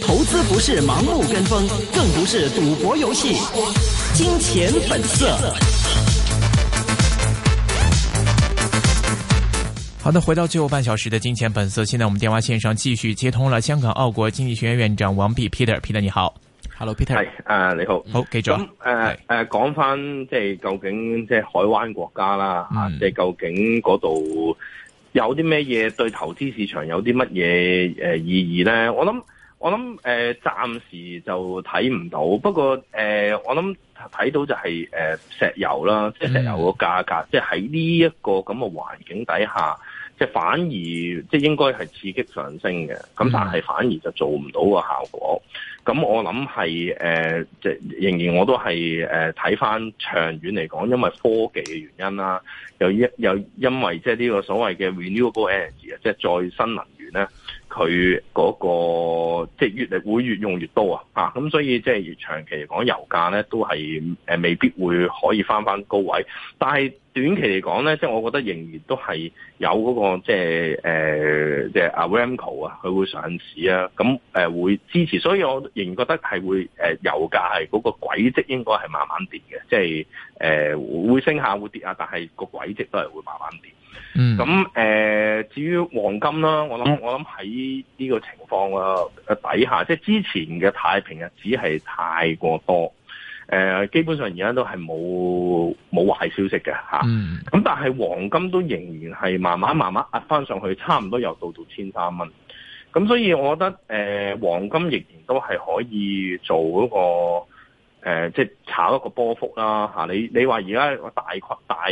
投資不是盲目跟風，更不是賭博遊戲。金錢本色。好的，回到最後半小時的金錢本色，現在我們電話線上繼續接通了香港澳國經濟學院院長王弼 Peter，Peter 你好，Hello Peter，你好，好記者。咁，誒誒講翻即係究竟即係海灣國家啦，啊，即係究竟嗰度。有啲咩嘢對投資市場有啲乜嘢呃意義咧？我諗我諗，呃、暫時就睇唔到。不過，呃、我諗睇到就係，呃、石油啦，即係石油個價格，即係喺呢一個咁嘅環境底下。即係反而，即係應該係刺激上升嘅，咁但係反而就做唔到個效果。咁我諗係誒，即係仍然我都係誒睇返長遠嚟講，因為科技嘅原因啦，又一又因為即係呢個所謂嘅 renewable energy 啊，即係再生能源咧。佢嗰、那個即係越嚟會越用越多啊！啊咁，所以即係越長期嚟講，油價咧都係誒未必會可以翻翻高位。但係短期嚟講咧，即係我覺得仍然都係有嗰、那個即係誒，即係阿、呃、Ramco 啊，佢會上市啊，咁誒、呃、會支持。所以我仍然覺得係會誒、呃、油價係嗰個軌跡應該係慢慢跌嘅，即係誒、呃、會升下會跌下，但係個軌跡都係會慢慢跌。嗯，咁誒、呃，至於黃金啦，我諗我諗喺呢個情況嘅底下，即、嗯、係之前嘅太平日子係太過多，誒、呃，基本上而家都係冇冇壞消息嘅吓。咁、啊嗯、但係黃金都仍然係慢慢慢慢壓翻上去，差唔多又到到千三蚊。咁所以我覺得誒、呃，黃金仍然都係可以做嗰、那個誒、呃，即係炒一個波幅啦吓。你你話而家大大。大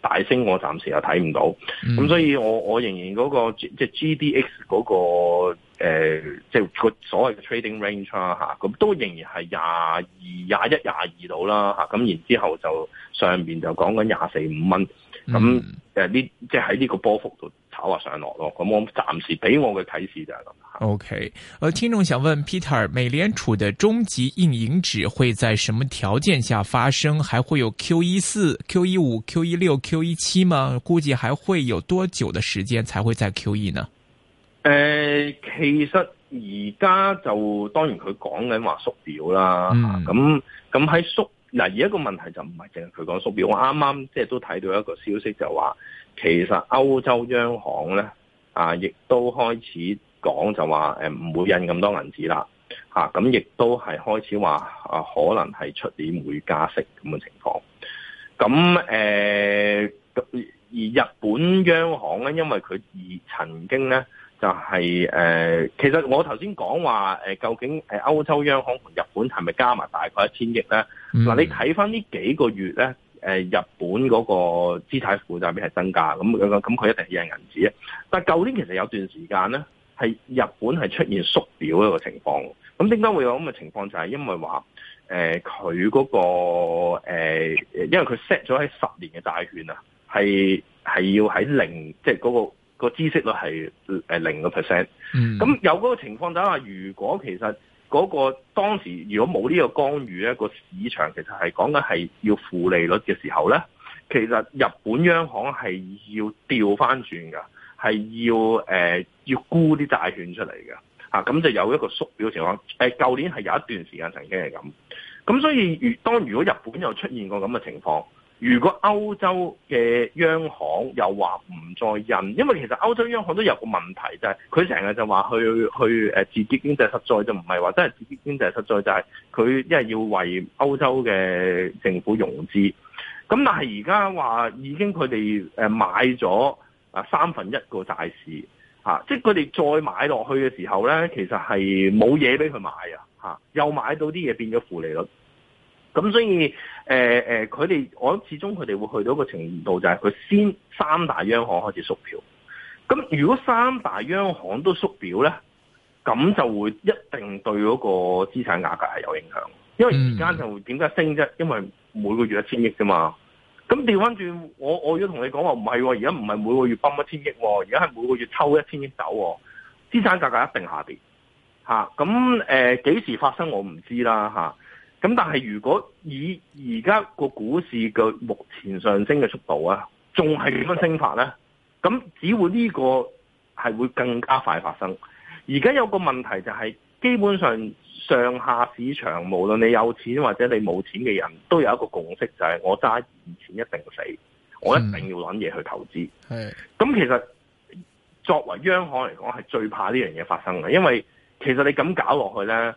大升我暫時又睇唔到，咁所以我我仍然嗰個 GDX、嗰個呃、即 GDX 嗰個即係所謂嘅 trading range 啊嚇，咁都仍然係廿二廿一廿二度啦嚇，咁然之後就上邊就講緊廿四五蚊，咁呢、嗯、即係喺呢個波幅度。炒或上落咯，咁我暫時俾我嘅啟示就係咁。O K，誒，聽眾想問 Peter，美聯儲嘅終極印銀紙會在什麼條件下發生？還會有 QE4、QE5、QE6、QE7 嗎？估計還會有多久的時間才會再 Q E 呢？誒、呃，其實而家就當然佢講緊話縮表啦，咁咁喺縮嗱。而一個問題就唔係淨係佢講縮表，我啱啱即係都睇到一個消息就話。其實歐洲央行咧啊，亦都開始講就話誒唔會印咁多銀紙啦嚇，咁亦都係開始話啊，可能係出年會加息咁嘅情況。咁、啊、誒，而日本央行咧，因為佢而曾經咧就係、是啊、其實我頭先講話究竟歐洲央行同日本係咪加埋大概一千億咧？嗱、嗯，你睇翻呢幾個月咧。誒日本嗰個資產負債表係增加，咁咁佢一定係用銀紙。但係舊年其實有段時間呢，係日本係出現縮表一個情況。咁點解會有咁嘅情況？就係、是、因為話誒佢嗰個誒、呃，因為佢 set 咗喺十年嘅債券啊，係係要喺零，即係嗰個孳息、那個那個、息率係零個 percent。咁有嗰個情況就，底下如果其實。嗰、那個當時如果冇呢個干預，咧、那，個市場其實係講緊係要負利率嘅時候咧，其實日本央行係要調翻轉㗎，係要誒、呃、要沽啲債券出嚟嘅，嚇、啊、咁就有一個縮表情況。誒、呃、舊年係有一段時間曾經係咁，咁所以當如果日本又出現過咁嘅情況。如果歐洲嘅央行又話唔再印，因為其實歐洲央行都有個問題，就係佢成日就話去去誒刺激經濟，實在就唔係話真係刺激經濟實在，就係佢一係要為歐洲嘅政府融資。咁但係而家話已經佢哋誒買咗啊三分一個債市，嚇，即係佢哋再買落去嘅時候咧，其實係冇嘢俾佢買啊，嚇，又買到啲嘢變咗負利率。咁所以，誒、呃、誒，佢、呃、哋，我始終佢哋會去到一個程度，就係佢先三大央行開始縮表。咁如果三大央行都縮表咧，咁就會一定對嗰個資產價格係有影響。因為而家就點解升啫？因為每個月一千億啫嘛。咁調翻轉，我我要同你講話唔係，而家唔係每個月泵一千億，啊，而家係每個月抽一千億走，啊，資產價格一定下跌。吓、啊，咁誒，幾、呃、時發生我唔知啦、啊，吓、啊。咁但係如果以而家個股市嘅目前上升嘅速度啊，仲係點樣升法呢？咁只會呢個係會更加快發生。而家有個問題就係、是，基本上上下市場，無論你有錢或者你冇錢嘅人都有一個共識，就係、是、我揸錢一定死，我一定要揾嘢去投資。係、嗯、咁，其實作為央行嚟講，係最怕呢樣嘢發生嘅，因為其實你咁搞落去呢，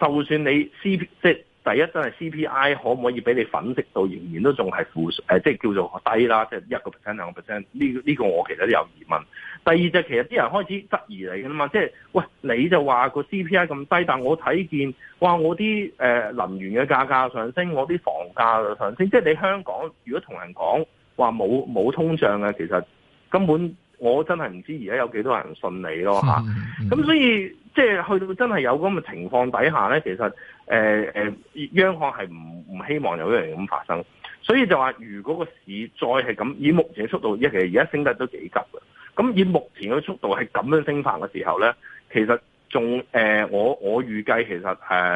就算你 C 即第一真係 CPI 可唔可以俾你粉飾到仍然都仲係負誒，即係叫做低啦，即係一個 percent 兩個 percent。呢呢個我其實都有疑問。第二就其實啲人開始質疑你㗎嘛，即係，喂你就話個 CPI 咁低，但我睇見哇我啲誒能源嘅價格上升，我啲房價上升，即係你香港如果同人講話冇冇通脹嘅，其實根本。我真係唔知而家有幾多人信你咯吓、嗯嗯、所以即係、就是、去到真係有咁嘅情況底下咧，其實誒、呃呃、央行係唔唔希望有一樣咁發生，所以就話如果個市再係咁以目前嘅速度，一其實而家升得都幾急嘅，咁以目前嘅速度係咁樣升法嘅時候咧，其實仲誒、呃、我我預計其實誒、呃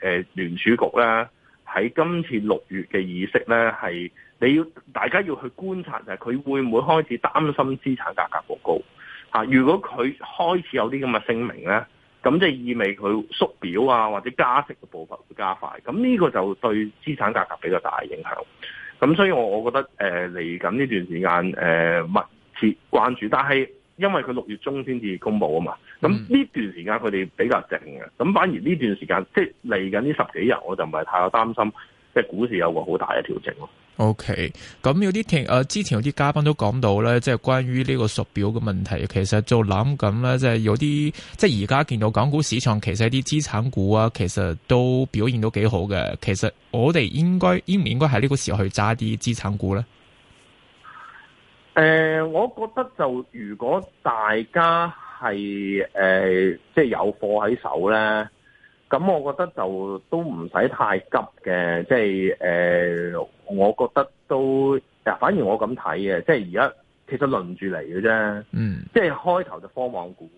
呃、聯儲局咧喺今次六月嘅議息咧係。你要大家要去觀察就係佢會唔會開始擔心資產價格過高、啊、如果佢開始有啲咁嘅聲明咧，咁即係意味佢縮表啊或者加息嘅步伐會加快，咁呢個就對資產價格比較大影響。咁所以我我覺得誒嚟緊呢段時間誒、呃、密切關注，但係因為佢六月中先至公布啊嘛，咁呢段時間佢哋比較靜嘅，咁反而呢段時間即係嚟緊呢十幾日，我就唔係太有擔心。即係股市有個好大嘅調整咯。O K，咁有啲聽誒、呃，之前有啲嘉賓都講到咧，即係關於呢個縮表嘅問題。其實就諗緊咧，即係有啲即係而家見到港股市場，其實啲資產股啊，其實都表現都幾好嘅。其實我哋應該應唔應該喺呢個時候去揸啲資產股咧？誒、呃，我覺得就如果大家係誒、呃，即係有貨喺手咧。咁我覺得就都唔使太急嘅，即係誒，我覺得都，反而我咁睇嘅，即係而家其實輪住嚟嘅啫，嗯、mm.，即係開頭就科網股，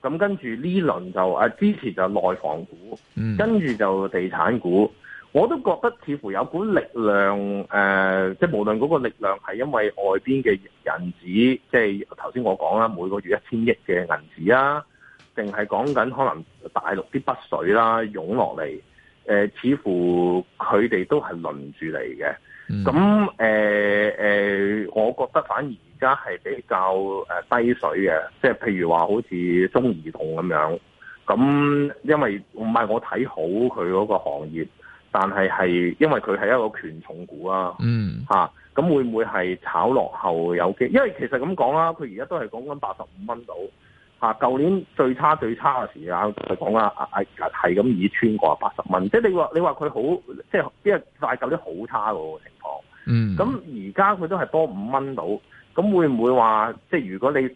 咁跟住呢輪就啊之前就內房股，mm. 跟住就地產股，我都覺得似乎有股力量，誒、呃，即係無論嗰個力量係因為外邊嘅銀紙，即係頭先我講啦，每個月一千億嘅銀紙啊。定係講緊可能大陸啲北水啦，湧落嚟，呃，似乎佢哋都係輪住嚟嘅。咁、mm. 誒、呃呃、我覺得反而而家係比較低水嘅，即係譬如話好似中移動咁樣。咁因為唔係我睇好佢嗰個行業，但係係因為佢係一個權重股啊。嗯、mm. 啊，咁會唔會係炒落後有機？因為其實咁講啦，佢而家都係講緊八十五蚊度。啊！舊年最差最差嘅時啊，再講啦，係咁已穿過八十蚊。即係你話你話佢好，即係即係大舊啲好差個情況。嗯。咁而家佢都係多五蚊度，咁會唔會話即係如果你誒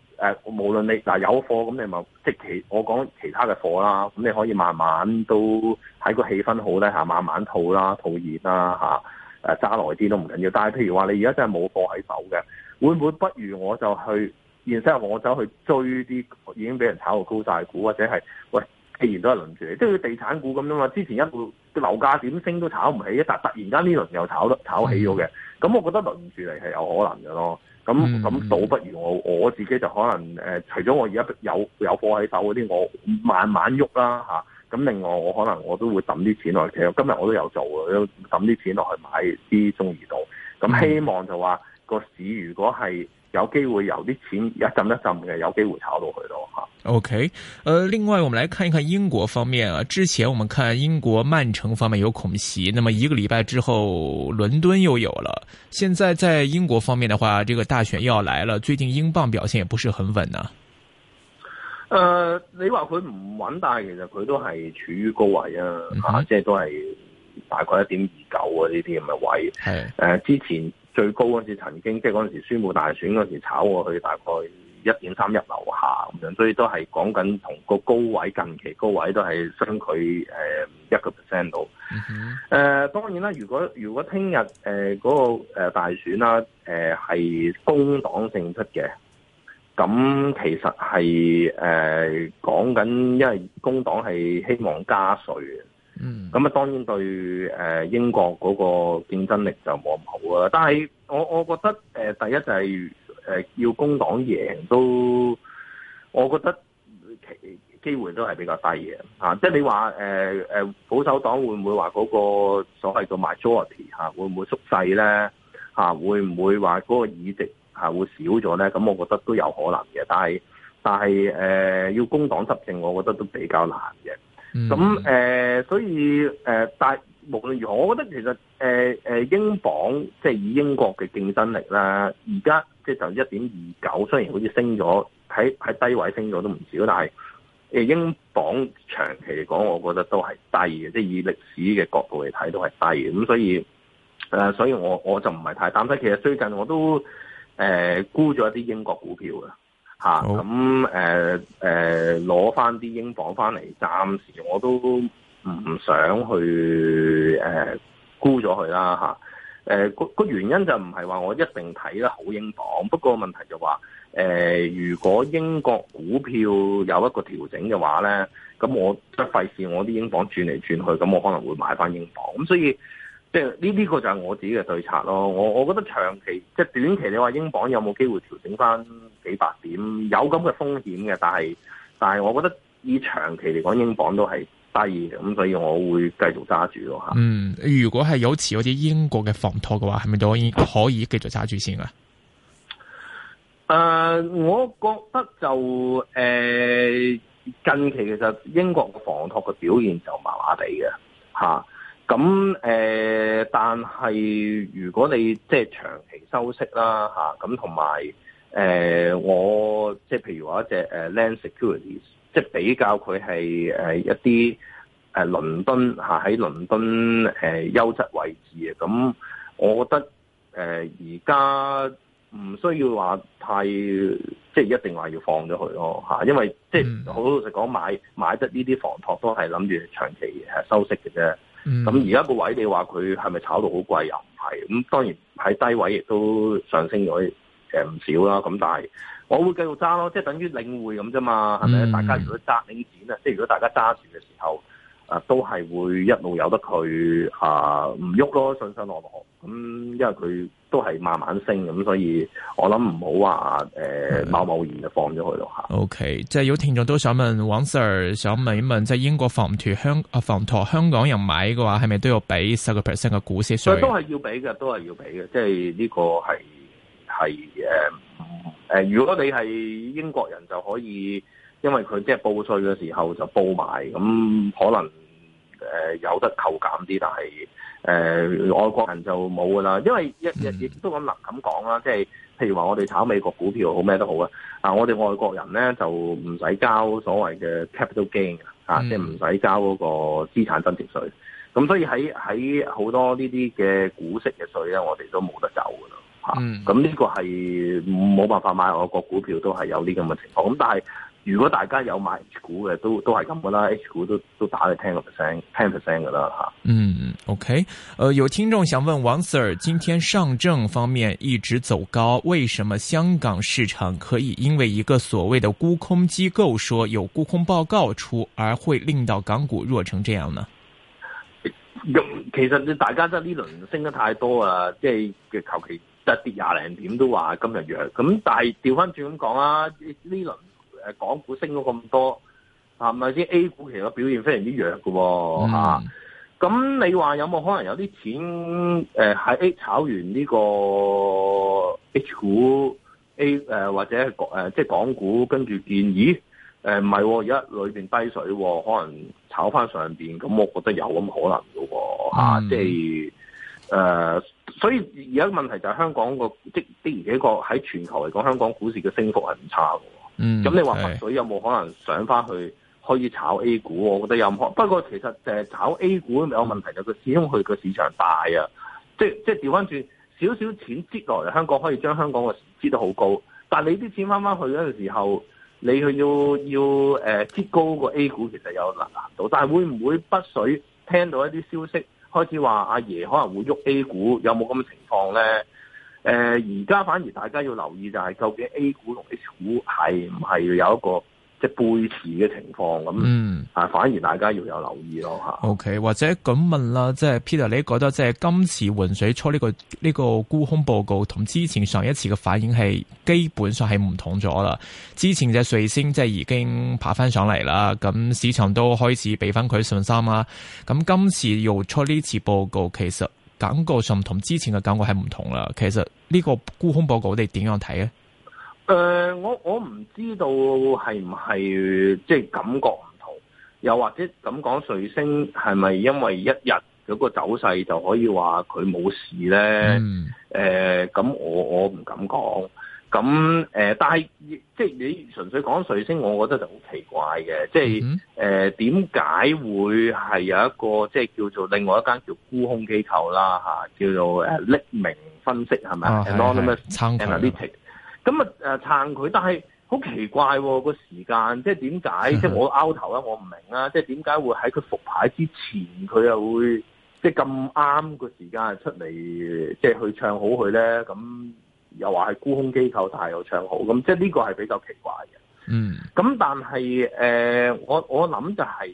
無論你嗱有貨咁，你咪即係其我講其他嘅貨啦。咁你可以慢慢都睇個氣氛好咧嚇，慢慢吐啦吐熱啦嚇，誒揸耐啲都唔緊要。但係譬如話你而家真係冇貨喺手嘅，會唔會不如我就去？然之後我走去追啲已經俾人炒到高曬股，或者係喂，既然都係輪住嚟，即係地產股咁啫嘛。之前一部樓價點升都炒唔起，但突然間呢輪又炒得炒起咗嘅。咁我覺得輪住嚟係有可能嘅咯。咁咁、嗯、倒不如我我自己就可能、呃、除咗我而家有有貨喺手嗰啲，我慢慢喐啦嚇。咁、啊、另外我可能我都會抌啲錢落去，其實今日我都有做嘅，抌啲錢落去買啲中移動。咁希望就話個市如果係。有機會有啲錢一浸一浸嘅，有機會炒到佢咯吓。OK，呃，另外我們來看一看英國方面啊。之前我們看英國曼城方面有恐襲，那麼一個禮拜之後倫敦又有了。現在在英國方面的話，這個大選又要來了。最近英鎊表現也不是很穩呢、啊呃、你話佢唔穩，但係其實佢都係處於高位啊，嗯、啊即係都係大概一點二九啊呢啲咁嘅位。係誒、呃，之前。最高嗰陣時曾經，即係嗰陣時宣佈大選嗰陣時炒過去大概一點三一樓下咁樣，所以都係講緊同個高位近期高位都係相距誒一個 percent 度。誒當然啦，如果如果聽日誒嗰個誒大選啦誒係工黨勝出嘅，咁其實係誒講緊，因為工黨係希望加稅。嗯，咁啊當然對英國嗰個競爭力就冇咁好啦。但係我，我覺得第一就係要工黨贏都，我覺得其機會都係比較低嘅。即係你話保守黨會唔會話嗰個所謂嘅 majority 會唔會縮細呢？啊、會唔會話嗰個議席會少咗呢？咁我覺得都有可能嘅。但係但係、呃、要工黨執政，我覺得都比較難嘅。咁誒，所以誒，但無論如何，我覺得其實誒誒，英鎊即係以英國嘅競爭力啦，而家即係就一點二九，雖然好似升咗，喺喺低位升咗都唔少，但係誒英鎊長期嚟講，我覺得都係低嘅，即係以歷史嘅角度嚟睇都係低嘅，咁所以誒，所以我我就唔係太擔心。其實最近我都誒沽咗一啲英國股票嘅。吓咁誒誒，攞翻啲英鎊翻嚟，暫時我都唔想去誒、呃、沽咗佢啦吓。誒個個原因就唔係話我一定睇得好英鎊，不過問題就話誒、呃，如果英國股票有一個調整嘅話咧，咁我得費事我啲英鎊轉嚟轉去，咁我可能會買翻英鎊，咁所以。即係呢呢個就係我自己嘅對策咯。我我覺得長期即係短期，你話英鎊有冇機會調整翻幾百點？有咁嘅風險嘅，但係但係我覺得以長期嚟講，英鎊都係低，咁所以我會繼續揸住咯吓。嗯，如果係有似有啲英國嘅房託嘅話，係咪都可以可以繼續揸住先啊？誒，我覺得就誒、呃、近期其實英國嘅房託嘅表現就麻麻地嘅吓。啊咁誒、呃，但係如果你即係長期收息啦，嚇咁同埋誒，我即係譬如話一隻 land securities，即係比較佢係誒一啲誒倫敦嚇喺倫敦誒優質位置嘅，咁我覺得誒而家唔需要話太即係一定話要放咗佢咯嚇，因為即係、嗯、好老實講，買買得呢啲房託都係諗住長期誒收息嘅啫。嗯，咁而家個位你話佢係咪炒到好貴，又唔係，咁當然喺低位亦都上升咗誒唔少啦。咁但係我會繼續揸咯，即係等於領匯咁啫嘛，係咪？大家如果揸領展啊，即係如果大家揸住嘅時候。啊，都係會一路由得佢啊唔喐咯，上上落落咁，因為佢都係慢慢升咁，所以我諗唔好話誒，貿、呃、貿然就放咗佢咯吓。O、okay, K，即係有聽眾都想問，王 Sir 想問一問，即係英國房託香啊房託香港人買嘅話，係咪都要俾十個 percent 嘅股息稅？所以都係要俾嘅，都係要俾嘅，即係呢個係係誒誒，如果你係英國人就可以。因為佢即係報稅嘅時候就報埋，咁可能誒、呃、有得扣減啲，但係誒、呃、外國人就冇啦。因為日亦都咁難咁講啦，即、就、係、是、譬如話我哋炒美國股票好咩都好啊，啊我哋外國人咧就唔使交所謂嘅 capital gain 啊，即係唔使交嗰個資產增值稅。咁所以喺喺好多呢啲嘅股息嘅稅咧，我哋都冇得走噶啦。吓、啊、咁、嗯、呢、啊、個係冇辦法買外國股票都係有啲咁嘅情況。咁但係。如果大家有買 H 股嘅，都都係咁噶啦，H 股都都打你聽個 percent，ten percent 噶啦吓。嗯，OK，誒、呃，有聽眾想問王 Sir，今天上證方面一直走高，為什麼香港市場可以因為一個所謂嘅沽空機構說有沽空報告出，而會令到港股弱成這樣呢？其實大家真係呢輪升得太多啊，即係嘅求其一跌廿零點都話今日弱。咁但係調翻轉咁講啊，呢輪。誒，港股升咗咁多，係咪先？A 股其實表現非常之弱嘅。哦、吓、嗯。咁、啊、你話有冇可能有啲錢誒喺、呃、A 炒完呢個 H 股 A 誒、呃，或者誒、呃、即係港股，跟住見咦？誒唔係，而家、哦、裏邊低水、哦，可能炒翻上邊。咁我覺得有咁可能嘅。哦、吓、嗯。即係誒，所以而家問題就係香港個即的而且確喺全球嚟講，香港股市嘅升幅係唔差。嗯，咁你話北水有冇可能上翻去可以炒 A 股？我覺得有可能，不過其實誒炒 A 股有問題，就佢始終去個市場大啊，即即調翻轉少少錢擠落嚟香港可以將香港嘅擠得好高，但你啲錢翻翻去嗰陣時候，你去要要誒貼、呃、高個 A 股其實有難度，但係會唔會北水聽到一啲消息開始話阿爺可能會喐 A 股，有冇咁嘅情況咧？誒、呃，而家反而大家要留意就係，究竟 A 股同 H 股係唔係有一個即背持嘅情況咁？嗯，啊，反而大家要有留意咯嚇。O、okay, K，或者咁問啦，即、就是、Peter，你覺得即今次換水出呢、這個呢、這個沽空報告，同之前上一次嘅反應係基本上係唔同咗啦。之前嘅瑞星即已經爬翻上嚟啦，咁市場都開始俾翻佢信心啦。咁今次要出呢次報告，其實感覺上同之前嘅感覺係唔同啦。其實。呢、這個沽空報告我哋點樣睇咧？誒、呃，我我唔知道係唔係即係感覺唔同，又或者咁講，瑞星係咪因為一日嗰個走勢就可以話佢冇事咧？誒、嗯，咁、呃、我我唔敢講。咁誒、呃，但係即係你純粹講瑞星，我覺得就好奇怪嘅，即係誒點解會係有一個即係叫做另外一間叫沽空機構啦、啊、叫做誒匿名分析係咪，哦？Anonymous Analytics，咁啊、呃、撐佢，但係好奇怪喎、啊，個時間，即係點解即係我拗頭咧，我唔明啊，即係點解會喺佢復牌之前，佢又會即係咁啱個時間係出嚟，即係去唱好佢呢？咁又話係沽空機構，大有唱好，咁即係呢個係比較奇怪嘅。嗯。咁但係誒，我我諗就係誒，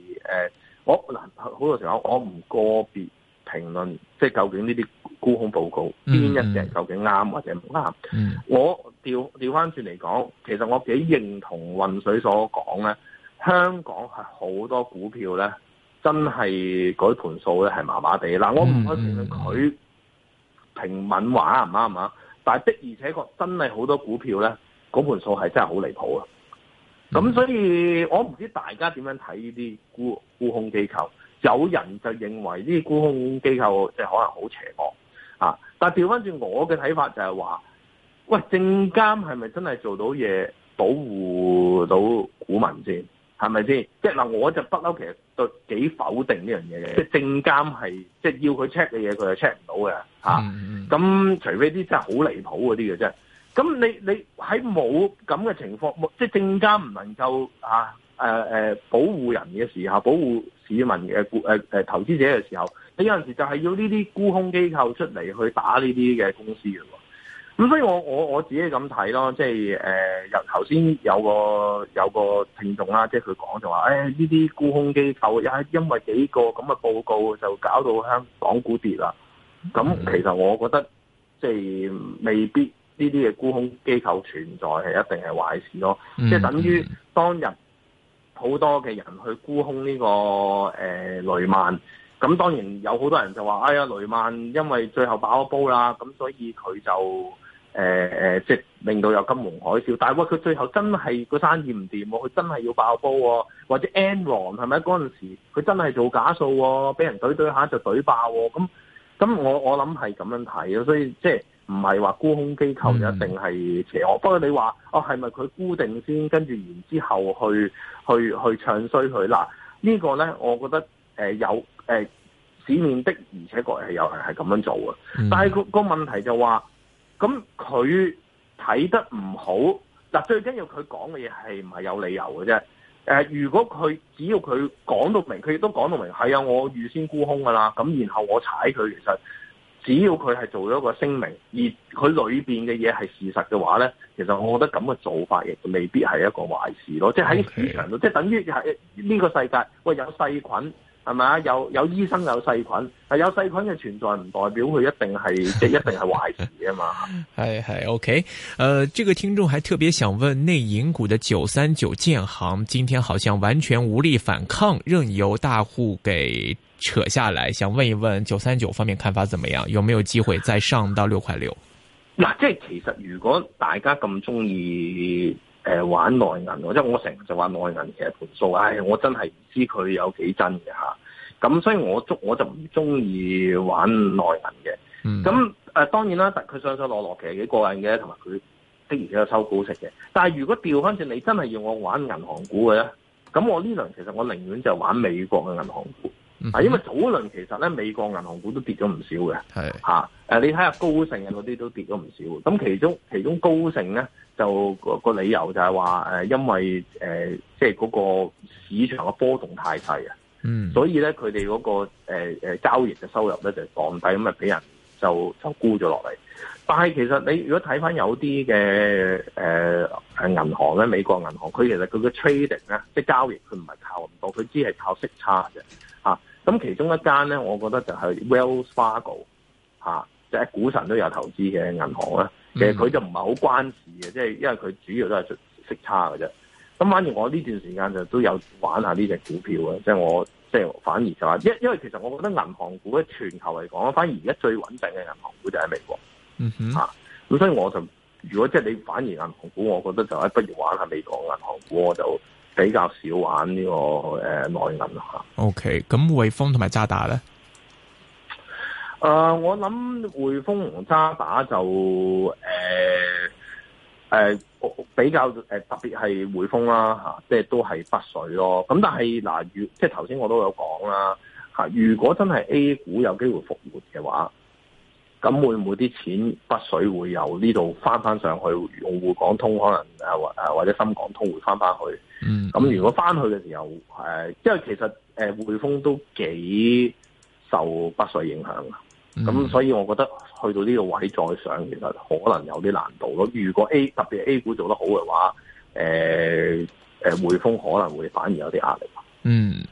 我嗱好、就是呃、多時候，我唔個別評論，即係究竟呢啲沽空報告邊一隻究竟啱或者唔啱、嗯嗯嗯。我調調翻轉嚟講，其實我幾認同運水所講咧，香港係好多股票咧，真係嗰盤數咧係麻麻地。嗱，我唔去評論佢平民話唔啱啊。但的而且確真係好多股票咧，嗰盤數係真係好離譜啊！咁所以我唔知大家點樣睇呢啲沽沽空機構，有人就認為呢啲沽空機構即係可能好邪惡啊！但係調翻轉我嘅睇法就係話，喂，證監係咪真係做到嘢保護到股民先？係咪先？即嗱，我就不嬲，其實都幾否定呢樣嘢嘅，即證監係即要佢 check 嘅嘢，佢又 check 唔到嘅嚇。咁、嗯嗯啊、除非啲真係好離譜嗰啲嘅啫。咁你你喺冇咁嘅情況，即證監唔能夠啊誒誒、啊啊、保護人嘅時候，保護市民嘅顧誒投資者嘅時候，你有陣時就係要呢啲沽空機構出嚟去打呢啲嘅公司嘅。咁所以我我我自己咁睇咯，即係誒，頭先有個有個聽眾啦，即係佢講就話，誒呢啲沽空機構因因為幾個咁嘅報告就搞到香港股跌啦。咁其實我覺得即係未必呢啲嘅沽空機構存在係一定係壞事咯，mm -hmm. 即係等於當日好多嘅人去沽空呢個誒雷曼。咁當然有好多人就話，哎呀雷曼因為最後爆咗煲啦，咁所以佢就。誒、呃、誒，即係令到有金融海嘯，但係話佢最後真係個生意唔掂，佢真係要爆煲，或者 N 王係咪嗰陣時佢真係做假數，俾人懟懟下就懟爆，咁咁我我諗係咁樣睇，所以即係唔係話沽空機構一定係邪惡、嗯，不過你話哦係咪佢固定先，跟住然之後去去去唱衰佢嗱、這個、呢個咧，我覺得誒、呃、有誒市、呃、面的而，而且確係有人係咁樣做啊，但係個個問題就話。咁佢睇得唔好，嗱最緊要佢講嘅嘢係唔係有理由嘅啫？呃，如果佢只要佢講到明，佢亦都講到明，係啊，我預先沽空㗎啦，咁然後我踩佢。其實只要佢係做咗個聲明，而佢裏邊嘅嘢係事實嘅話咧，其實我覺得咁嘅做法亦未必係一個壞事咯。即係喺市場度，okay。即係等於係呢個世界，喂有細菌。係咪啊？有有醫生有細菌，係有細菌嘅存在唔代表佢一定係即係一定係壞事啊嘛。係係 OK，呃、uh, 這個聽眾還特別想問內銀股的九三九建行，今天好像完全無力反抗，任由大戶給扯下來，想問一問九三九方面看法怎麼樣，有沒有機會再上到六塊六？嗱，即係其實如果大家咁中意。誒、呃，玩內銀，我即係我成日就玩內銀，其實盤數，唉，我真係唔知佢有幾真嘅嚇。咁所以我中我就唔中意玩內銀嘅。咁、嗯、誒、呃、當然啦，佢上上落落其實幾過癮嘅，同埋佢的而且確有收股息嘅。但係如果調翻轉，你真係要我玩銀行股嘅咧，咁我呢輪其實我寧願就玩美國嘅銀行股。啊， 因為早輪其實咧，美國銀行股都跌咗唔少嘅、啊，你睇下高盛嗰啲都跌咗唔少。咁其中其中高盛咧，就個、呃、理由就係話、呃、因為、呃、即係嗰個市場嘅波動太細啊，嗯， 所以咧佢哋嗰個、呃、交易嘅收入咧就是、降低，咁啊俾人就就沽咗落嚟。但係其實你如果睇翻有啲嘅、呃、銀行咧，美國銀行，佢其實佢嘅 trading 咧，即係交易，佢唔係靠咁多，佢只係靠息差嘅。咁其中一間咧，我覺得就係 Wells Fargo，、啊、就即、是、係股神都有投資嘅銀行啦。其實佢就唔係好關事嘅，即係因為佢主要都係息差嘅啫。咁、啊、反而我呢段時間就都有玩一下呢隻股票嘅，即、就、係、是、我即係反而就話，因因為其實我覺得銀行股喺全球嚟講，反而而家最穩定嘅銀行股就係美國。嗯、啊、哼，咁所以我就如果即係你反而銀行股，我覺得就係不如玩一下美國銀行股，我就。比較少玩呢、這個誒內銀啦吓。O K，咁匯豐同埋渣打咧？誒、呃，我諗匯豐同渣打就誒誒、呃呃、比較誒、呃、特別係匯豐啦吓，即係都係北水咯。咁、啊、但係嗱、啊，如即係頭先我都有講啦吓，如果真係 A 股有機會復活嘅話。咁會唔會啲錢北水會由呢度返返上去？用滬港通可能或者深港通會返返去。嗯。咁如果返去嘅時候，誒，因為其實誒匯豐都幾受北水影響啊。咁、嗯、所以我覺得去到呢個位再上，其實可能有啲難度咯。如果 A 特別 A 股做得好嘅話，誒、呃、誒匯豐可能會反而有啲壓力。嗯。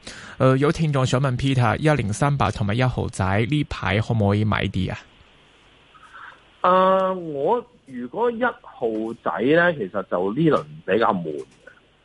有聽眾想問 Peter，一零三八同埋一號仔呢排可唔可以買啲啊？誒、uh，我如果一號仔呢，其實就呢輪比較悶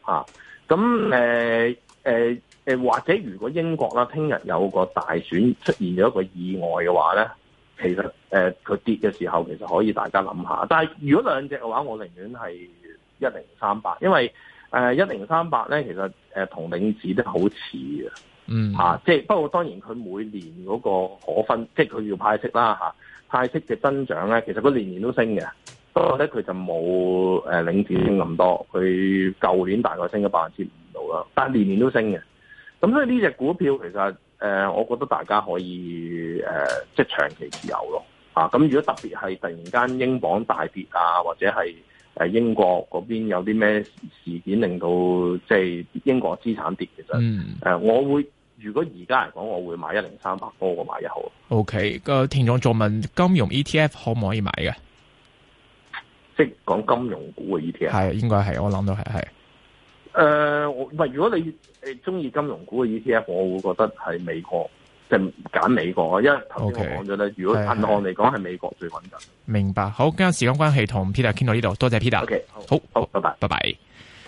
吓，咁誒誒誒，或者如果英國啦，聽日有個大選出現咗一個意外嘅話呢，其實誒，佢、呃、跌嘅時候，其實可以大家諗下。但係如果兩隻嘅話，我寧願係一零三八，因為誒一零三八呢，其實誒同、呃、領子都好似嘅，嗯吓、啊，即係不過當然佢每年嗰個可分，即係佢要派息啦吓。啊派息嘅增長咧，其實佢年年都升嘅，不過咧佢就冇誒、呃、領展升咁多，佢舊年大概升咗百分之五度啦，但係年年都升嘅。咁所以呢隻股票其實誒、呃，我覺得大家可以誒、呃，即係長期持有咯。啊，咁如果特別係突然間英鎊大跌啊，或者係誒英國嗰邊有啲咩事件令到即係、就是、英國資產跌，其實誒、嗯呃，我會。如果而家嚟講，我會買一零三百多，我買一號。O K，個聽眾仲問，金融 E T F 可唔可以買嘅？即係講金融股嘅 E T F，係應該係，我諗到係係。誒，唔、呃、如果你誒中意金融股嘅 E T F，我會覺得係美國，即係揀美國啊，因為頭先講咗咧，okay，如果銀行嚟講，係美國最穩陣。明白，好，今日時間關係，同 Peter 傾到呢度，多謝 Peter。O、okay, K，好，好，好，拜拜，拜拜。